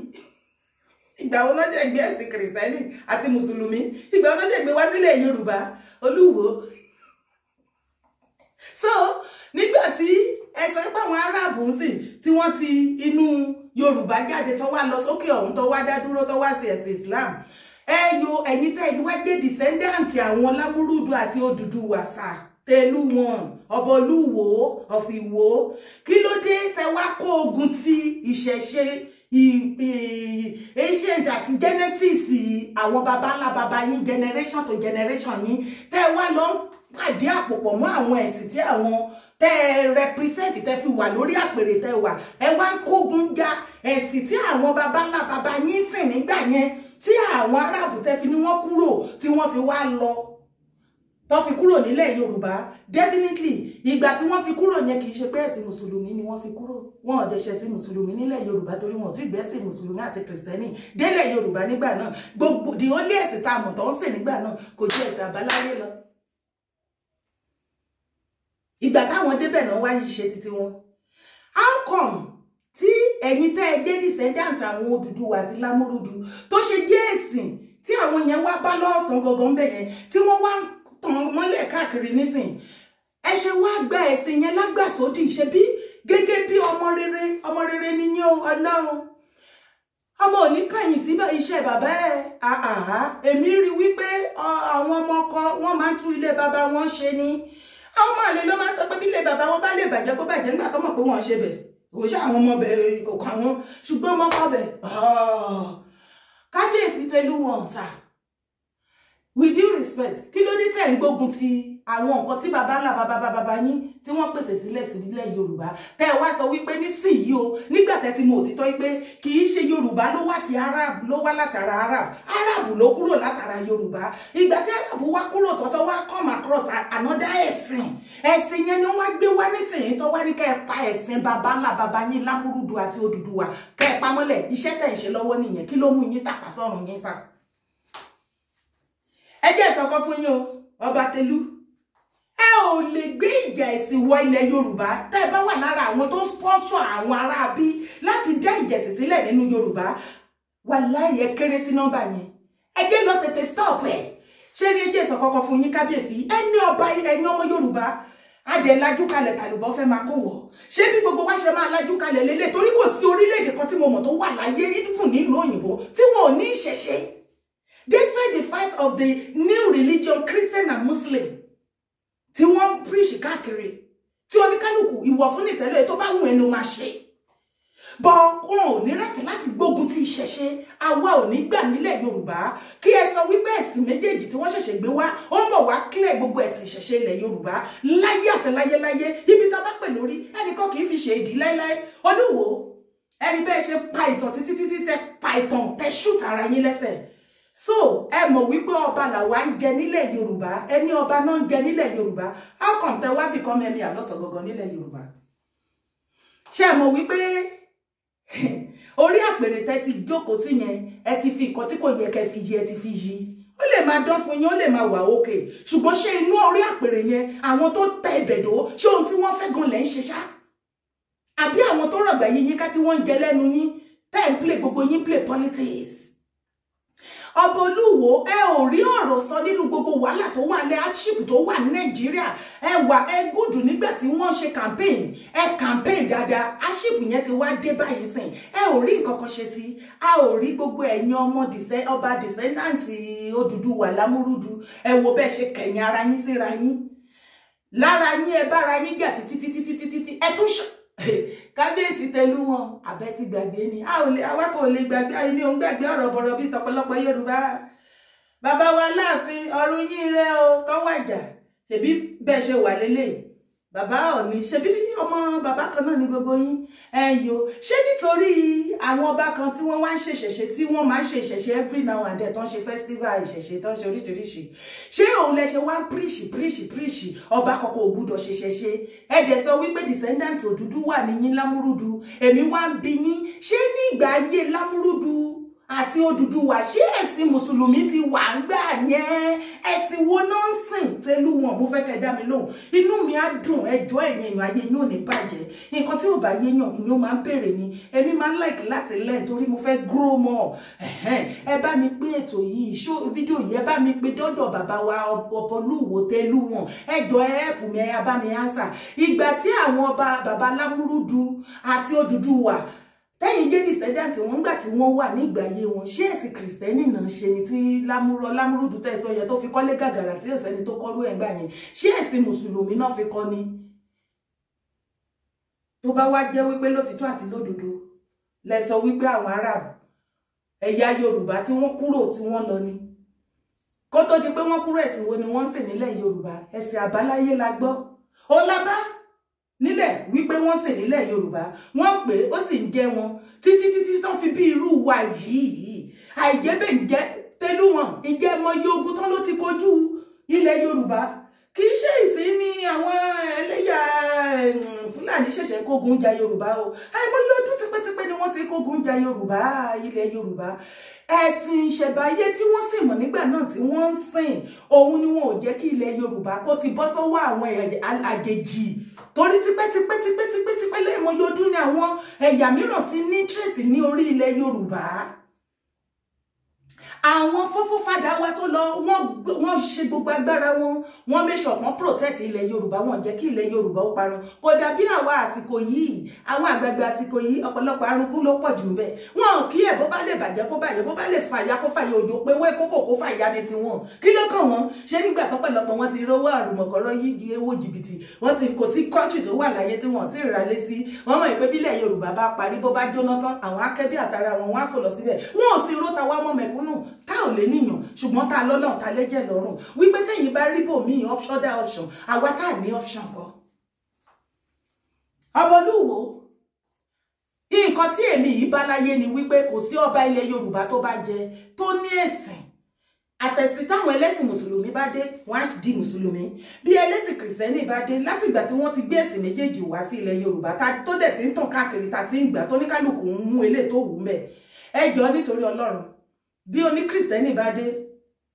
ìgbà wo lọ́jọ́ ìgbé ẹ̀sìn kìrìsìtẹ́nì àti mùsùlùmí ìgbà wo lọ́jọ́ ìgbé wá sílẹ̀ yorùbá olúwo so nígbà tí ẹ sọ pé àwọn aráàbù ń sìn tí wọ́n ti inú yorùbá jáde tó wá lọ sókè ọ̀hún tó wá dá dúró tó wá sí ẹ̀sìn islam ẹ yo ẹ̀yin tẹ́ ẹ wá jẹ́ descendant àwọn lámúrúdù àti odùduwà sáà tẹ̀lú wọn ọbọlúwo ọ̀fìwò kí ló dé tẹ wá kó ogun ti ìṣẹ̀ṣe ancient àti genesis àwọn baba ńlá baba yín generation to generation yín tẹ wá lọ pàdé àpòpọ̀ mọ́ àwọn ẹ̀sìn tí àwọn tẹ represent tẹ fi wà lórí àpèrè tẹ wà ẹ wá ń kógun ja ẹ̀sìn tí àwọn baba ńlá baba yín sìn nígbà yẹn tí àwọn aráàbù tẹ fi ní wọ́n kúrò tí wọ́n fi wá lọ tán fi kúrò nílẹ̀ yorùbá definitely ìgbà tí wọ́n fi kúrò yẹn kì ṣe pé ẹ̀sìn mùsùlùmí ni wọ́n fi kúrò wọn ò dẹ̀ṣẹ̀ sí mùsùlùmí nílẹ̀ yorùbá torí wọn ò tí gbẹ́sìn mùsùlùmí àti kìrìsìtẹ́nì délẹ̀ yorùbá nígbà náà gbogbo the only ẹ̀sìn tá a mọ̀ tó ń sìn nígbà náà kò ju ẹ̀sìn àbáláyé lọ. ìgbà táwọn débẹ̀ náà wáyé ṣe titi wọn how come tí ẹ̀yin tẹ́ ẹ jẹ́ descendant àwọn Odùduwà àti Lámúrúdù tó ṣe jẹ́ ẹ̀sìn tí àwọn yẹn wá bá lọ́ọ̀sán gangan bẹ̀yẹn tí wọ́n wá tàn mọ́lẹ̀ káàkiri nísìn ẹ ṣe wá gba ẹ̀sìn yẹn lágbàsódì ṣe bí gẹ́gẹ́ bí ọmọ rere ọmọ rere ni yín o ọlọ́run ọmọ òní kàyìn síbẹ̀ iṣẹ́ bàbá ẹ̀ àhà èmi rí wípé àwọn ọmọ ọkọ wọn máa ń tú ilé bàbá wọn ṣe ni àwọn ọmọ àlè ló máa ń sọ pé bí ilé bàbá wọn bá lè bàjẹ́ kó bàjẹ́ nígbà tó mọ̀ pé wọ́n ṣe bẹ̀ kò ṣe àwọn ọmọ bẹ̀ kò kà wọ́n ṣùgbọ́n wọ́n kọ́ bẹ̀ kábíyèsí tẹlu wọn sà with due respect kí ló tẹ̀ ń gbógun ti àwọn nǹkan tí baba ńlá baba baba yín tí wọ́n pèsè sílẹ̀ sílẹ̀ yorùbá tẹ́ ẹ wá sọ wípé nísìnyí o nígbà tẹ́ ti mọ òtítọ́ wípé kì í ṣe yorùbá ló wá ti arab ló wá látara arab arab ló kúrò látara yorùbá ìgbà tí arab wá kúrò tọ́tọ́ wá come across another ẹ̀sìn ẹ̀sìn yẹn ni wọ́n wá gbé wá nísìnyí tó wá ní kẹ́ ẹ pa ẹ̀sìn baba ńlá baba yín lámúrúdu àti odùduwà kẹ́ ẹ pamọ́lẹ̀ iṣẹ́ tẹ̀ ń ṣe lọ́wọ́ nìyẹn kí ló mú yín tàpá sọ́run yín sá ẹ jẹ́ ìsọ̀kan fún yín o Ọbatelú ẹ ò lè gbé ìjà ẹ̀sìn wọ ilẹ̀ Yorùbá tẹ́ ẹ bá wà lára àwọn tó sponsor àwọn aráabí láti dá ìjà ẹ̀sìn sílẹ̀ nínú Yorùbá wàláhì ẹ kéré sí nọ́mbà yẹn ẹ jẹ́ lọ tètè stop ẹ̀ ṣé rí ẹjẹ́ ìsọ̀ kọ́kọ́ fún yín kábíyèsí ẹni ọba ẹ̀yin ọmọ Yorùbá adẹ̀ lajú kalẹ̀ tàlùbọ́ fẹ́ máa kó wọ̀ ṣé bí gbogbo wa ṣe máa lajú kalẹ̀ lélẹ̀ torí kò sí orílẹ̀-èdè kan tí mo mọ̀ tó wà láyé fún nílùú òyìnbó tí wọn ò ní ìṣẹ̀ṣe despite the fight of the new religion Christian and Muslim tí wọ́n ń preach káàkiri tí oníkálukú ìwọ̀ fún nìtẹ́lẹ̀ tó bá wù ẹnu máa ṣe bọ wọn ò ní láti láti gbógun ti ìṣẹ̀ṣe àwa ò ní gbà nílẹ̀ Yorùbá kí ẹ sọ wípé ẹ̀sìn méjèèjì tí wọ́n ṣẹ̀ṣẹ̀ gbé wá ó ń bọ̀ wá kílẹ̀ gbogbo ẹ̀sìn ìṣẹ̀ṣe ilẹ̀ Yorùbá láyé àti láyéláyé ibi tá a bá pè lórí ẹnìkan kì í fi ṣe èdè láéláé Olúwo ẹni bẹ́ẹ̀ pa ìtàn títí títí tẹ pa ìtàn tẹ ṣùtà ara yín lẹ́sẹ̀ so ẹ mọ̀ wípé ọba làwa ń jẹ nílẹ̀ yorùbá ẹni ọba náà ń jẹ nílẹ̀ yorùbá how come tẹ wá become ẹni àlọ́sọ̀ gangan nílẹ̀ yorùbá ṣé ẹ mọ̀ wípé orí àpèrè tẹ ti jókòó sí yẹn ẹ ti fi nǹkan tí kò yẹ kẹ fi yí ẹ ti fi yí ó lè máa dán fún yín ó lè máa wà òkè ṣùgbọ́n ṣé inú orí àpèrè yẹn àwọn tó tẹ ìbẹ̀dó ṣé ohun tí wọ́n fẹ́ gan lẹ́ ń ṣe ṣá àbí àwọn tó rọ̀gbà yín yín ká tí wọ́n ń jẹ lẹ́nu yín tẹ́ ń play gbogbo yín play politics ọba olúwo ẹ ò rí ọ̀rọ̀ sọ nínú gbogbo wàhálà tó wà ní hardship tó wà ní nàìjíríà ẹ wà ẹ gùdù nígbà tí wọ́n ṣe campaign ẹ campaign dáadáa hardship yẹn ti wá dé báyìí sìn ẹ ò rí nǹkan kan ṣe sí a ò rí gbogbo ẹ̀yin ọmọ ọba descendant Odùduwà lámúrúdu ẹ wo bẹ́ẹ̀ ṣe kẹ̀yìn ara yín síra yín lára yín ẹ bára yín jà títí títí títí ẹ tún ṣe kábíyèsí tẹlú wọn àbẹ́ ti gbàgbé ni àwa kò lè gbàgbé ẹni òun gbàgbé ọ̀rọ̀ bọ̀rọ̀ bíi tọ̀pọ̀lọpọ̀ Yorùbá bàbá wa láàfin ọ̀run yín rẹ o tọ́wọ́ àjà ṣèbí bẹ́ẹ̀ ṣe wà lélẹ́yìí bàbá òní ṣebí ọmọ bàbá kan náà ní gbogbo yín ẹyọ ṣé nítorí àwọn ọba kan tí wọ́n wá ń ṣe ìṣẹ̀ṣe tí wọ́n máa ń ṣe ìṣẹ̀ṣe every now and then tó ń ṣe festival ìṣẹ̀ṣe tó ń ṣe oríṣiríṣi ṣé òun lẹ ṣe wá píríṣì píríṣì píríṣì ọba kọkọ ògbúdọ̀ ṣe ṣẹṣe ẹdẹ sọ wípé descendant Odùduwà ní yín Lámúrúdu èmi wá ń bi yín ṣé ní ìgbà ayé Lámúrúdu àti Odùduwà ṣé ẹ̀sìn mùsùlùmí ti wà ń gbà yẹn ẹ̀sìn wo náà ń sìn tẹ́lúwọ̀n mo fẹ́ kẹ́ dá mi lóhùn inú mi á dùn ẹjọ́ ẹ̀yìn èèyàn ayé yóò ní bàjẹ́ nǹkan tí ò bá yé yàn máa ń bèrè ni èmi máa ń like láti learn torí mo fẹ́ grow more ẹ bá mi pín ètò yìí ṣó fídíò yìí ẹ bá mi pín dọ́dọ̀ bàbá wa Ọ̀pọ̀lúwo Tẹ́lúwọ̀n ẹjọ́ ẹ̀ẹ́pù mi ẹ bá mi answer ìgbà tí àwọn tẹ́yìn jẹ́ descendant wọn nígbà tí wọ́n wà ní ìgbà ayé wọn ṣé ẹ̀sìn kìrìsìtẹ́nì náà ṣe ni tí lámúrọ lámúrúdù tẹ̀sán yẹn tó fi kọ́lé gàgàrà tí òsẹ́ni tó kọ́rú ẹ̀ gbà yẹn ṣé ẹ̀sìn mùsùlùmí náà fi kọ́ ni tó bá wá jẹ́ wípé lótìtọ́ àti lódodo lẹ sọ wípé àwọn Arab ẹ̀yà Yorùbá tí wọ́n kúrò tí wọ́n lọ ni kó tó di pé wọ́n kúrò ẹ̀sìn wo ni wọ́n ń sìn nílẹ̀ Yorùbá ẹ̀sìn àbáláyé la gbọ́ ó lábá nílẹ̀ wípé wọ́n sì nílẹ̀ yorùbá wọ́n pè ó sì ń jẹ́ wọn títí títí tán fi bí irú wa yìí àìjẹ́bẹ̀ ń jẹ́ tẹlúwọ̀n ìjẹ́ ọmọ yogun tán ló ti kojú ilẹ̀ yorùbá kì í ṣe ìsìn ní àwọn ẹlẹ́yà mm, fúlàní ṣẹ̀ṣẹ̀ kógun ja yorùbá o àìmọye ọdún tipẹ́tipẹ́ ni wọ́n ti kógun ja yorùbá ilẹ̀ yorùbá ẹ̀sìn ìṣẹ̀báyé tí wọ́n sì mọ̀ nígbà náà tí wọ́n ń sìn òun ni wọn ò jẹ́ kí ilẹ̀ yorùbá kó ti bọ́ sọ́wọ́ àwọn àjèjì torí tipẹ́tipẹ́tipẹ́tipẹ́ lẹ́ẹ̀mọye ọdún ni àwọn ẹ̀yà mìíràn ti ní tírèsì ní orí ilẹ̀ Yorùbá àwọn fọ́fọ́ fàdá wa tó lọ wọ́n ṣe gbogbo agbára wọn wọ́n mẹ́sọ̀ wọ́n protect ilẹ̀ yorùbá wọn jẹ́ kí ilẹ̀ yorùbá ó parun kò dàbí àwa àsìkò yìí àwọn àgbààgbà àsìkò yìí ọ̀pọ̀lọpọ̀ arunkun ló pọ̀ jù ń bẹ̀ wọn kí ẹ̀ bó bá lè bàjẹ́ kó bàjẹ́ bó bá lè fàyà kó fàyà òjò pé wọ́n kókò kó fàyà ni tiwọn kí ló kàn wọ́n ṣé nígbà tọ́pọ̀lọpọ̀ wọn ti rówó àrùmọ̀kọ́rọ́ yí ju ewó jìbìtì wọ́n ti kò sí kọ́ńtì tó wà láyé tí wọ́n ti ralé sí wọ́n mọ̀ pé bílẹ̀ yorùbá bá parí bó bá jóná tán àwọn akẹ́bí àtàrà àwọn wọn á fò lọ síbẹ̀ wọn ò sì róta wá mọ́ mẹ̀kúnnù tá ò lè níyàn ṣùgbọ́n tá a lọ́lọ́ ta lẹ́jẹ̀ lọ́rùn wípé tẹ̀yìn bá rí bòmíì option dá option àwa tá à ní option kọ́. ọmọlúwo nǹkan tí èmi yìí bá láyé ni wípé kò sí ọba ilẹ̀ Yorùbá tó bá jẹ tó ní ẹ̀sìn àtẹ̀sí táwọn ẹlẹ́sìn mùsùlùmí bá dé wọ́n á di mùsùlùmí bí ẹlẹ́sìn kìrìsìtẹ́nì bá dé láti ìgbà tí wọ́n ti gbé ẹ̀sìn méjèèjì wá sí ilẹ̀ yorùbá tó dẹ̀ ti ń tàn káàkiri ta ti ń gbà tó ń mú eléyìí tó mẹ́ ẹ jọ̀ọ́ nítorí ọlọ́run bí oní kìrìsìtẹ́nì bá dé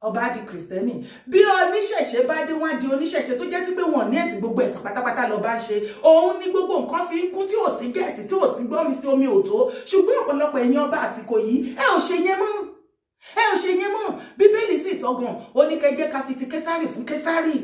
ọba á di kìrìsìtẹ́nì bí oníṣẹ̀ṣe bá dé wọ́n á di oníṣẹ̀ṣe tó jẹ́ sí pé wọ́n ní ẹ̀sìn gbogbo ẹ̀sìn pátápátá lọ́ba ń ṣe òun ní gbogbo nǹkan fi ń kún tí ò sí gẹ̀ẹ́sì tí ò sí gbọ́mi sí omi òtó ṣùgbọ́n ọ̀pọ̀lọpọ̀ ẹ̀yin ọba àsìkò yìí ẹ ò ṣe yẹn mọ́ ẹ ò ṣe yẹn mọ́ bíbélì sì sọ gan ó ní kẹ́ ká fi ti késárì fún késárì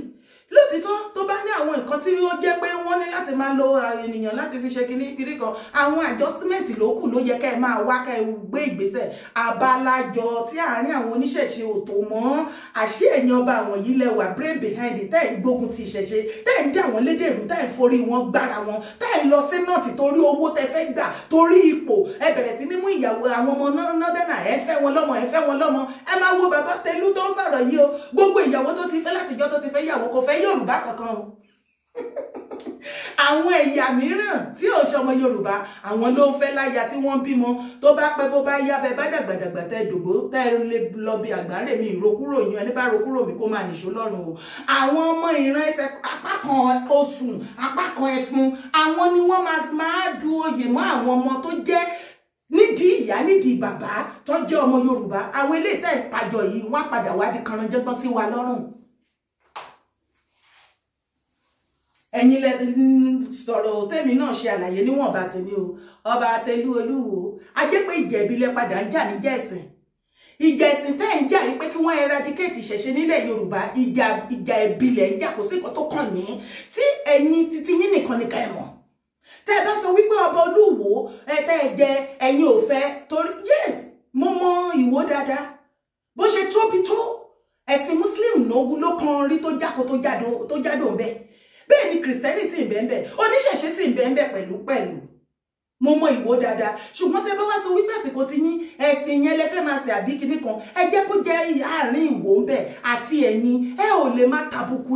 lótìtọ́ tó bá ní àwọn nǹkan tí ó jẹ́ pé wọ́n ní láti máa lo ènìyàn láti fi ṣe kinní kinní kan àwọn adjustment ló kù ló yẹ ká ẹ máa wá ká ẹ gbé ìgbésẹ̀ abalajọ tí àárín àwọn oníṣẹ̀ṣe ò tó mọ́ àṣé ẹ̀yin ọba àwọn yìí brain behind it tẹ́ ẹ̀ gbógun ti ìṣẹ̀ṣe tẹ́ ẹ̀ ń dá àwọn lédè ìlú tẹ́ ẹ̀ forí wọn gbára wọn tẹ́ ẹ̀ lọ sí nọ́ọ̀tì torí owó tẹ́ fẹ́ gbà torí ipò ẹ bẹ̀rẹ̀ sí ní mú ìyàwó àwọn ọmọ nọ́dẹ́nà ẹ fẹ́ wọn lọ́mọ ẹ fẹ́ wọn lọ́mọ ẹ máa wo bàbá tẹlú tó ń sọ̀rọ̀ yìí o gbogbo ìyàwó tó ti fẹ́ látijọ́ tó ti fẹ́ ìyàwó kò fẹ́ yorùbá kankan o àwọn ẹ̀yà mìíràn tí ò ṣọmọ yorùbá àwọn ló fẹ́ láya tí wọ́n bímọ tó bá pẹ́ bó bá yá bẹ́ẹ̀ bá dàgbàdàgbà tẹ́ dògbò tẹ́ lè lọ bí àgbáre mi ìrokúrò yín ẹni bá rokúrò mi kó máa nìṣó lọ́rùn o àwọn ọmọ ìran ẹsẹ̀ apá kan osùn apá kan ẹfun àwọn ni wọ́n máa du oyè mọ́ àwọn ọmọ tó jẹ́ nídìí ìyá nídìí bàbá tó jẹ́ ọmọ yorùbá àwọn eléyìí tẹ́ ìpàjọ yìí wọ́n padà wá di kanranjẹ́gbọ́n sí wa lọ́rùn ẹ̀yin lẹ sọ̀rọ̀ tèmi náà ṣe àlàyé níwọ̀nba tèmi o ọba tẹlú olúwo ajé pé ìjẹ̀bi lẹ padà ń jà níjà ẹ̀sìn ìjà ẹ̀sìn tẹ́ ń jà rí pé kí wọ́n eradicate ìṣẹ̀ṣe nílẹ̀ yorùbá ìjà ìjà ẹ̀bi lẹ̀ ń jà kò sí nǹkan tó kàn yín tí ẹ̀yin titi yín nìkan nìkan ẹ̀wọ̀n tẹ́ ẹ bá sọ wípé ọba olúwo ẹ tẹ́ ẹ jẹ ẹ̀yin ò fẹ́ torí yes mo mọ ìwọ dáadáa bó ṣe tóbi tó ẹ̀sìn muslim náà wúlò kan rí tó jáko tó jáde òun bẹ́ẹ̀ bẹ́ẹ̀ ni kìrìsìtẹ́nì sì ń bẹ́ẹ̀ bẹ́ẹ̀ oníṣẹ̀ṣe sì ń bẹ́ẹ̀ bẹ́ẹ̀ pẹ̀lú pẹ̀lú mo mọ ìwọ dáadáa ṣùgbọ́n tẹ bá wá sọ wípé àsìkò ti yín ẹ̀sìn yẹn lẹ fẹ́ máa ṣe àbí kinní kan ẹ jẹ́ kó jẹ́ àárín ìwò ń bẹ̀ àti ẹ̀yin ẹ ò lè má tàbùkù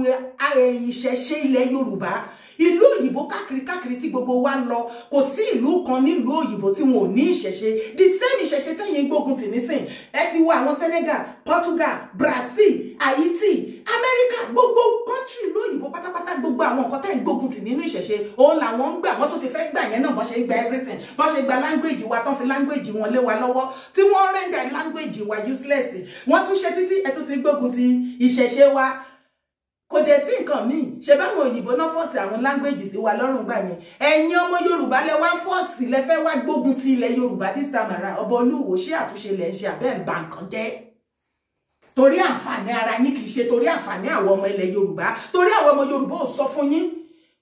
ìṣẹ̀ṣe ilẹ̀ Yorùbá ìlú òyìnbó káàkiri káàkiri tí gbogbo wa lọ kò sí ìlú kan nílùú òyìnbó tí wọn ò ní ìṣẹ̀ṣe the same ìṣẹ̀ṣe tẹ̀yìn gbógun tì nísìn ẹ ti wo àwọn Senegal Portugal Brazil Haiti Amẹ́ríkà gbogbo kọ́ńtì ìlú òyìnbó pátápátá gbogbo àwọn nǹkan tẹ̀yìn gbógun tì nínú ìṣẹ̀ṣe òun làwọn ń gbà wọ́n tó ti fẹ́ gbà yẹn náà bọ́n ṣe gba everything bọ́n ṣe gba language wa tán fi language wọn lé wa lọ́wọ́ tí wọ́n render language wa useless wọ́n tún ṣe títí ẹ̀ tó ti gbógun ti ìṣẹ̀ṣe wa kò dẹ̀ sí nǹkan míì ṣe báwọn òyìnbó náà fọ́ọ̀sì àwọn láńgbèjì sí wa lọ́rùn gbà yẹn ẹ̀yin ọmọ yorùbá lẹ wá fọ́ọ̀sì lẹ fẹ́ wá gbógun ti ilẹ̀ yorùbá this time around ọba olúwo ṣé àtúnṣe lẹ̀ ń ṣe àbẹ́ ń nǹkan jẹ́ torí àǹfààní ara yín kì í ṣe torí àǹfààní àwọn ọmọ ilẹ̀ yorùbá torí àwọn ọmọ yorùbá ò sọ fún yín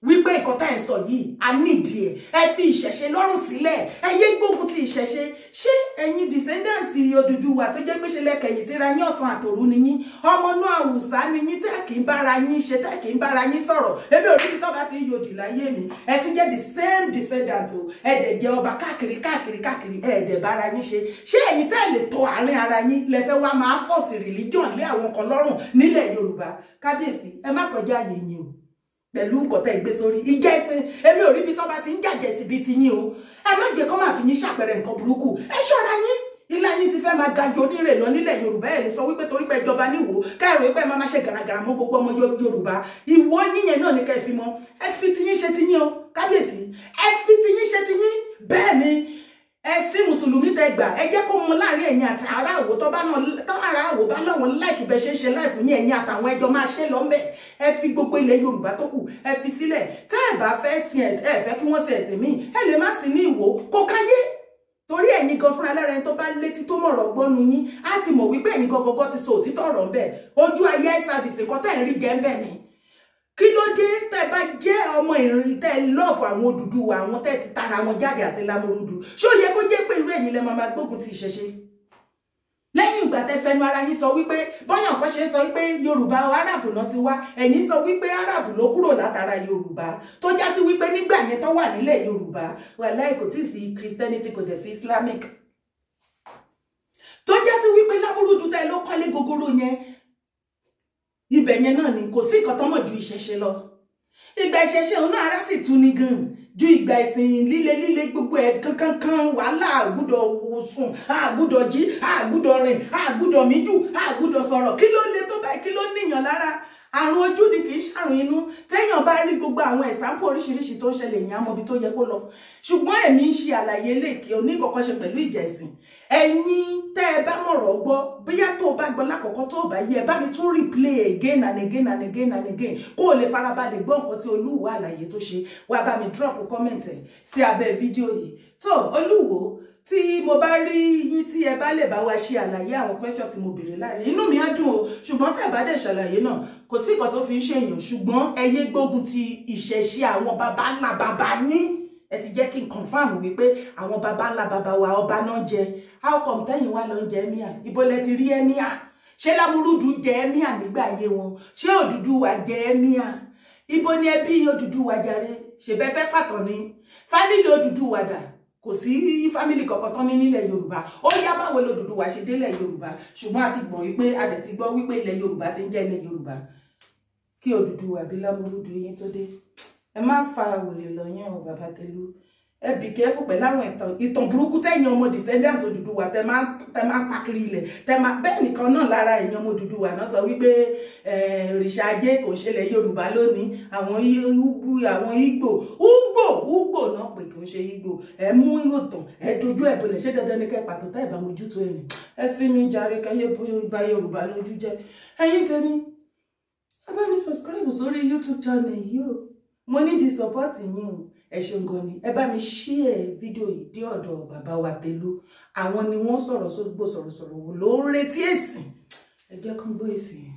wípé nǹkan tá ẹ̀ ń sọ yìí a nídìí ẹ̀ ẹ fi ìṣẹ̀ṣe lọ́rùn sílẹ̀ ẹ yé gbógun ti ìṣẹ̀ṣe ṣé ẹ̀yin dìsẹ́ńdẹ̀ǹtì Odùduwà tó jẹ́ pé ṣe lẹ kẹ̀yìn síra yín ọ̀sán àtòru ni yín ọmọ inú àwùsá ni yín tẹ́ kì í bára yín ṣe tẹ́ kì í bára yín sọ̀rọ̀ ebi òrìbí tó bá ti ń yodì láyé mi ẹ tún jẹ́ the same descendant o ẹ dẹ̀ jẹ ọba káàkiri káàkiri káàkiri ẹ dẹ̀ bára yín ṣe ṣé ẹ̀yin tẹ́ lè tọ àárín ara yín lẹ fẹ́ wá máa fọ̀sì religion lé àwọn kan lọ́rùn nílẹ̀ Yorùbá kábíyèsí ẹ má kọjá yẹn pẹ̀lú nǹkan tẹ́ gbé sórí ìjẹsìn èmi ò rí ibi tó bá ti ń jàjẹsìn bíi ti yín o ẹ má jẹ́ kó máa fi yín ṣàpẹẹrẹ nǹkan burúkú ẹ ṣọ́ra yín ilé yín ti fẹ́ máa ga ju onírè lọ nílẹ̀ yorùbá ẹ̀ ní sọ wípé torí pé ìjọba níwò káàrò pé máa ṣe gàràgàrà mọ́ gbogbo ọmọ yorùbá ìwọ yíyẹn náà ni ká ẹ fi mọ ẹ fi tiyín ṣe tiyín o kábíyèsí ẹ fi tiyín ṣe tiyín bẹ́ẹ̀ ni ẹ sí mùsùlùmí tẹ gbà ẹ jẹ́ kó mọ láàrin ẹ̀yin àti ará àwò tó bá àwò bá náà wọn láìkì bẹ ṣe ń ṣe láìfù yín ẹ̀yin àtàwọn ẹjọ́ máa ṣe lọ́nbẹ̀ ẹ fi gbogbo ilẹ̀ Yorùbá tó kù ẹ fi sílẹ̀ tẹ́ ẹ bá fẹ́ sin ẹ fẹ́ kí wọ́n ṣe ẹ̀sìn míì ẹ lè má sí ní Ìwó kó káyé torí ẹ̀yin gan fúnra lára ẹni tó bá létí tó mọ̀rọ̀ gbọ́nu yín á ti mọ̀ wípé ẹ̀yin gangan ti sọ òtítọ́ ọ̀rọ̀ ń ojú ayé ẹ̀ sàbìsì kan tẹ̀ ń rí jẹ́ ń ni kí ló dé tẹ́ bá jẹ́ ọmọ ìrìn tẹ́ lọ́ọ̀fù àwọn Odùduwà àwọn tẹ́ ti tara wọn jáde àti Lámọ̀rọ̀dù ṣó yẹ kó jẹ́ pé irú ẹ̀yin lẹ máa máa gbógun ti ìṣẹ̀ṣe lẹ́yìn ìgbà tẹ́ fẹnu ara yín sọ wípé bọ́yàn kan ṣe ń sọ wípé Yorùbá Arab náà ti wá ẹ̀yin sọ wípé Arab ló kúrò látara Yorùbá tó já sí wípé nígbà yẹn tó wà nílẹ̀ Yorùbá wàláì kò tí ì sí Christianity kò dẹ̀ sí Islamic tó já sí wípé Lámọ̀rọ̀dù tẹ́ ló kọ́lé gogoro yẹn ibẹ̀ yẹn náà ni kò sí nǹkan tọ́mọ̀ ju ìṣẹ̀ṣe lọ ìgbà ìṣẹ̀ṣe òun náà ara sì tún ni gan ju ìgbà ìsìn líle líle gbogbo ẹ̀ kankankan wàhálà àgùdọ̀ sùn àgùdọ̀ jí àgùdọ̀ rìn àgùdọ̀ míjù àgùdọ̀ sọ̀rọ̀ kí ló le tó báyìí kí ló níyàn lára àrùn ojú ni kì í ṣàrùn inú téèyàn bá rí gbogbo àwọn ẹ̀sánpọ̀ oríṣiríṣi tó ń ṣẹlẹ̀ èèyàn á mọ ibi tó yẹ kó lọ ṣùgbọ́n èmi ń ṣe àlàyé eléèké oníkọ̀ọ́kọ́ ṣe pẹ̀lú ìjà ẹ̀sìn ẹ̀yin tẹ́ ẹ bá mọ̀rọ̀ gbọ́ bóyá tó o bá gbọ́ lákọ̀ọ́kọ́ tó o bá yẹ bá mi tún replay again and again and again and again kó o lè farabalẹ̀ gbọ́ nǹkan tí olúwo àlàyé tó ṣe wá bá mi drop comment ẹ̀ sí abẹ́ fídíò yìí tó olúwo tí mo bá rí yín tí ẹ bá lè bá wa ṣe àlàyé àwọn question tí mo béèrè láàrin inú mi á dùn o ṣùgbọ́n tẹ́ bá dẹ̀ ṣàlàyé náà kò sí nǹkan tó fi ń ṣèyàn ṣùgbọ́n ẹ yé gbógun ti ìṣẹ̀ṣe àwọn baba ńlá baba yín ẹ ti jẹ́ kí n confam wípé àwọn baba ńlá baba wa ọba náà jẹ how come tẹ́yìn wá lọ ń jẹ ẹ́míà ibo lẹ ti rí ẹ́míà ṣé lámúrúdù jẹ ẹ́míà nígbà ayé wọn ṣé Odùduwà jẹ ẹ́míà ibo ni ẹbí Odùduwà jàre ṣèbẹ́ fẹ́ pàtàn ni fámìlì Odùduwà dà kò sí fámìlì kankan tán ní nílẹ̀ yorùbá ó yá báwo l'Odùduwà ṣe délẹ̀ yorùbá ṣùgbọ́n a ti gbọ́n wípé a dẹ̀ ti gbọ́ wípé ilẹ̀ yorùbá ti ń jẹ́ ilẹ̀ yorùbá kí Odùduwà bí Lámúrúdù yín tó dé ẹ má fa òrè lọ́yàn bàbá Tẹ̀lú ẹ bì kẹ́fù pẹ̀lú àwọn ìtàn ìtàn burúkú tẹ̀yìn ọmọ descendant Odùduwà tẹ máa ń pakiri ilẹ̀ tẹ máa bẹ́ẹ̀ nìkan náà lára ẹ̀yìn ọmọ Odùduwà náà sọ wípé òrìṣà ajé kò ṣẹlẹ̀ Yorùbá lónìí àwọn Ugwu àwọn Igbo Ugbo Ugbo náà pè kò ṣe Igbo ẹ mú ìròtàn ẹ dojú ẹ bolẹ̀ ṣé dandan ni kẹ́ pàtó tá ìbámu ojútùú ẹ̀rìn ẹ sinmi jàre kẹ́yẹ́ bóyá Yorùbá lójú jẹ́ ẹ̀yin tèmi ẹ bá mi subscribe sórí youtube channel yìí o mo ní di support yín o ẹ ṣeun gan ni ẹ bá mi share fídíò yìí dé ọ̀dọ̀ bàbá wa Tẹ́lú àwọn ni wọ́n sọ̀rọ̀ sógbó sọ̀rọ̀sọ̀rọ̀ wò ló ń retí èsì ẹ jẹ́ kán gbọ́ èsì yẹn.